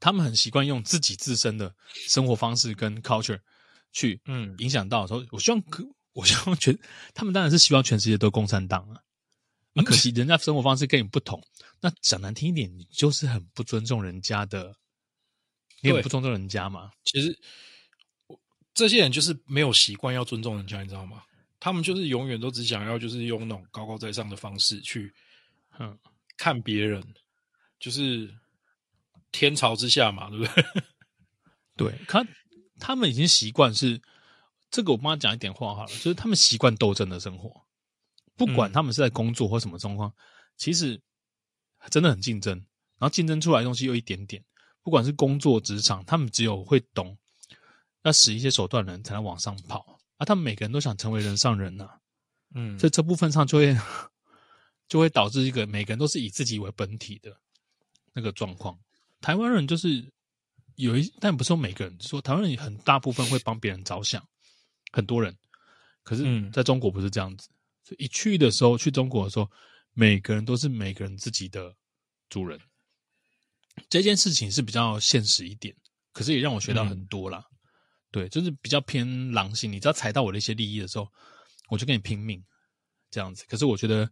他們很習慣用自己自身的生活方式跟 culture 去，嗯，影響到時候，我希望可，我希望全，他們當然是希望全世界都共產黨啊。嗯、啊可惜，人家生活方式跟你不同。那講難聽一點，你就是很不尊重人家的，你很不尊重人家嗎？其實，這些人就是沒有習慣要尊重人家，你知道嗎？他們就是永遠都只想要，就是用那種高高在上的方式去，嗯，看別人，就是。天朝之下嘛，對不對？對，他他們已經習慣是這個。我幫他講一點話好了，就是他們習慣鬥爭的生活，不管他們是在工作或什麼狀況，嗯、其實真的很競爭。然後競爭出來的東西有一點點，不管是工作職場，他們只有會懂要使一些手段，人才能往上跑。啊，他們每個人都想成為人上人呢、啊，嗯，所以這部分上就會就會導致一個每個人都是以自己為本體的那個狀況。台灣人就是有一，但不是說每個人，說台灣人很大部分會幫別人着想，很多人。可是在中國不是這樣子，所以、嗯、一去的時候，去中國的時候，每個人都是每個人自己的主人，這件事情是比較現實一點。可是也讓我學到很多啦、嗯，對，就是比較偏狼性，你知道踩到我的一些利益的時候，我就跟你拼命這樣子。可是我覺得，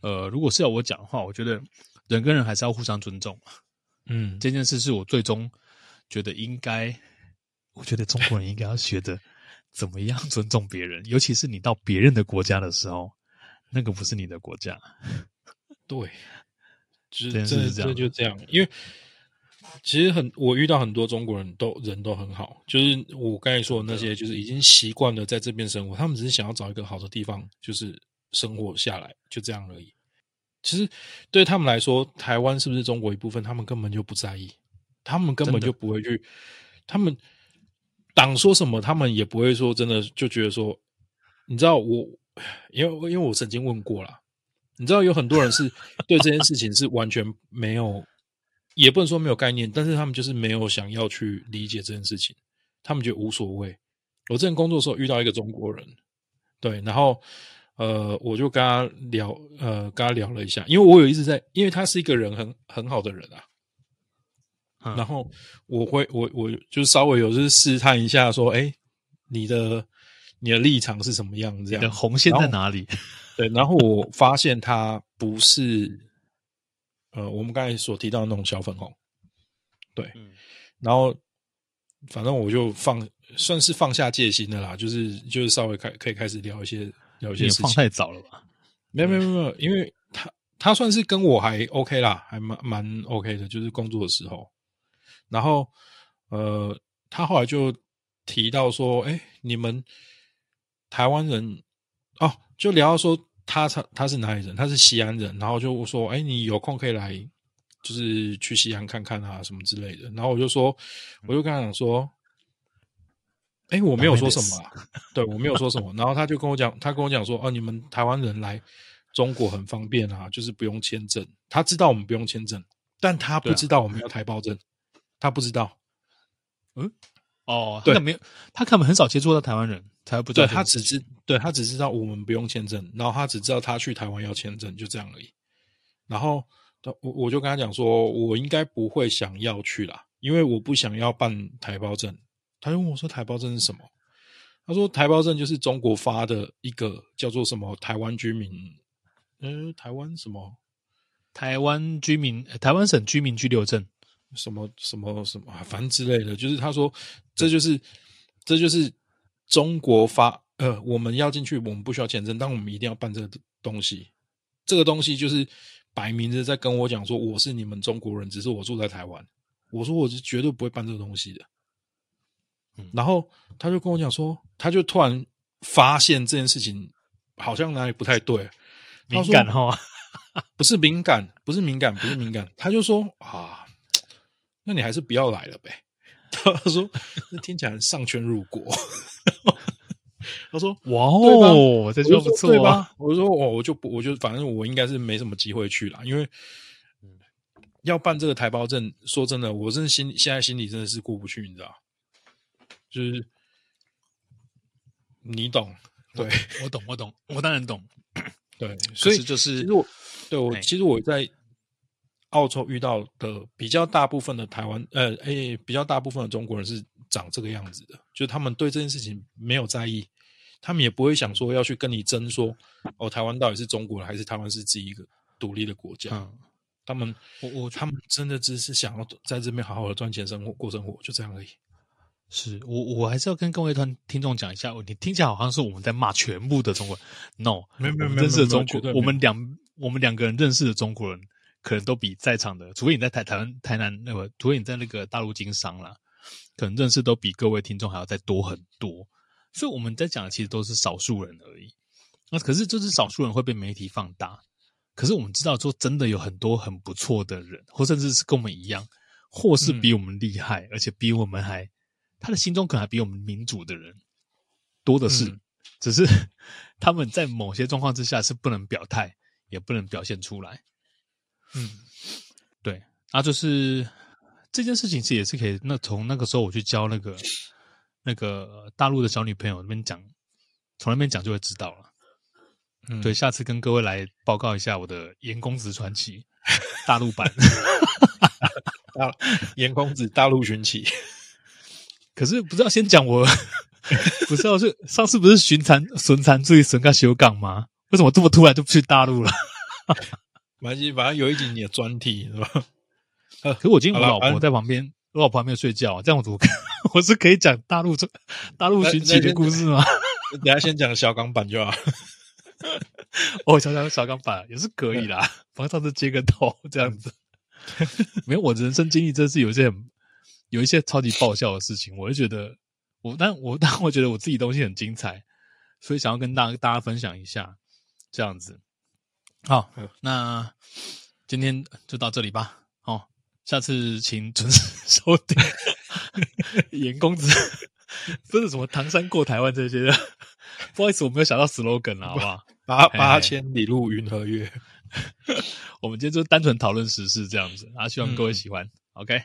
呃，如果是要我講的話，我覺得人跟人還是要互相尊重。嗯，這件事是我最終覺得應該，我覺得中國人應該要學的，怎麼樣尊重別人，尤其是你到別人的國家的時候，那個不是你的國家。對，就是這樣的就，就，就，就這樣，因為其實很，我遇到很多中國人都，都人都很好，就是我剛才說的那些，就是已經習慣了在這邊生活，他們只是想要找一個好的地方，就是生活下來，就這樣而已。其實，對他們來說，台灣是不是中國一部分，他們根本就不在意，他們根本就不會去，他們黨說什麼，他們也不會說，真的就覺得說，你知道我，因為因為我曾經問過啦，你知道有很多人是對這件事情是完全沒有， 也不能說沒有概念，但是他們就是沒有想要去理解這件事情，他們覺得無所謂。我之前工作的時候遇到一個中國人，對，然後。呃，我就跟他聊，呃，跟他聊了一下，因為我有一直在，因為他是一個人很很好的人啊，啊。然後我會，我我就是稍微有就是試探一下，說，哎，你的你的立場是什麼樣？這樣，你的紅線在哪裡？對，然後我發現他不是， 呃，我們剛才所提到的那種小粉紅。對，嗯，然後反正我就放，算是放下戒心的啦，就是就是稍微開可以開始聊一些。有些事情你放太早了吧沒？沒有沒有沒有，因為他他算是跟我還 OK 啦，還蠻蠻 OK 的，就是工作的時候。然後呃，他後來就提到說，哎，你們台灣人哦，就聊到說他他他是哪裡人？他是西安人。然後就說，哎，你有空可以來，就是去西安看看啊，什麼之類的。然後我就說，我就跟他講說。哎、欸，我沒有說什麼啊， 對，我沒有說什麼。然後他就跟我講，他跟我講說：“哦、啊，你們台灣人來中國很方便啊，就是不用簽證。”他知道我們不用簽證，但他不知道我們要台胞證，他不知道。嗯，哦，他沒有，他可能很少接觸到台灣人，才不知道，他只知，對，他只知道我們不用簽證，然後他只知道他去台灣要簽證，就這樣而已。然後我我就跟他講說，我應該不會想要去啦，因為我不想要辦台胞證。他就問我說：“台胞證是什麼？”他說：“台胞證就是中國發的一個叫做什麼台灣居民，呃，台灣什麼台灣居民，台灣省居民居留證，什麼什麼什麼啊，反正之類的，就是他說這就是這就是中國發，呃，我們要進去，我們不需要簽證，但我們一定要辦這個東西。這個東西就是擺明着在跟我講說我是你們中國人，只是我住在台灣。我說我是絕對不會辦這個東西的。”嗯、然後他就跟我講說，他就突然發現這件事情好像哪裡不太對。敏感哈， 不是敏感，不是敏感，不是敏感。 他就說啊，那你還是不要來了唄。 他說，那 聽起來喪權辱國。 他說，哇哦，這就不錯啊。我就說，我我就我就，我就反正我應該是沒什麼機會去了，因為、嗯、要辦這個台胞證。說真的，我真的心現在心裡真的是過不去，你知道。就是你懂，我，對，我懂，我懂，我當然懂。對，所以是就是，其實我對我、欸、其實我在澳洲遇到的比較大部分的台灣，呃，誒、欸，比較大部分的中國人是長這個樣子的，就是他們對這件事情沒有在意，他們也不會想說要去跟你爭說，哦，台灣到底是中國人還是台灣是自己一個獨立的國家？嗯、他們，我我，他們真的只是想要在這邊好好的賺錢生活過生活，就這樣而已。是我，我還是要跟各位團聽眾講一下，你聽起來好像是我們在罵全部的中國人，No，沒有認識的中國人沒有沒有，沒有我們兩我們兩個人認識的中國人，可能都比在場的，除非你在台台灣台南那個，除非你在那個大陸經商啦，可能認識都比各位聽眾還要再多很多。所以我們在講的其實都是少數人而已，那、啊、可是就是少數人會被媒體放大，可是我們知道說真的有很多很不錯的人，或甚至是跟我們一樣，或是比我們厲害、嗯，而且比我們還。他的心中可能還比我們民主的人多的是、嗯，只是他們在某些狀況之下是不能表態，也不能表現出來。嗯，對那、啊、就是這件事情是也是可以那。那從那個時候我去教那個那個大陸的小女朋友那邊講，從那邊講就會知道了。嗯、對，下次跟各位來報告一下我的嚴公子傳奇 大陸版， 啊、嚴公子大陸尋奇。可是不是要先講我， 不是要去上次不是巡參巡參注意神看修港嗎？為什麼我這麼突然就不去大陸了？反正反正有一集你的專題是吧？呃，可是我今天我老婆在旁邊、啊，我老婆還沒有睡覺，這樣子我，我是可以講大陸這大陸尋奇的故事嗎？等下先講小港版就好。我想想小港版也是可以啦，反正上次接個頭這樣子。 沒有，我的人生經歷真是有些。有一些超級爆笑的事情，我就覺得我，但我，但我覺得我自己東西很精彩，所以想要跟大家大家分享一下，這樣子。好，嗯、那今天就到這裡吧。好，下次請準時收聽顏 公子。真 的什麼唐山過台灣這些的，不好意思，我沒有想到 slogan 啊，好不好？八八千里路雲和月。嘿嘿 我們今天就單純討論時事這樣子啊，然後希望各位喜歡。嗯、OK。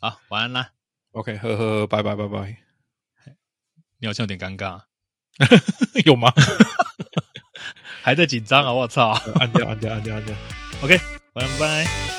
啊、好，晚安啦。OK，呵呵，拜拜拜拜。你好像有點尷尬， 有嗎？ 還在緊張啊！我操、呃，按掉按掉按掉按掉。OK，晚安，拜拜。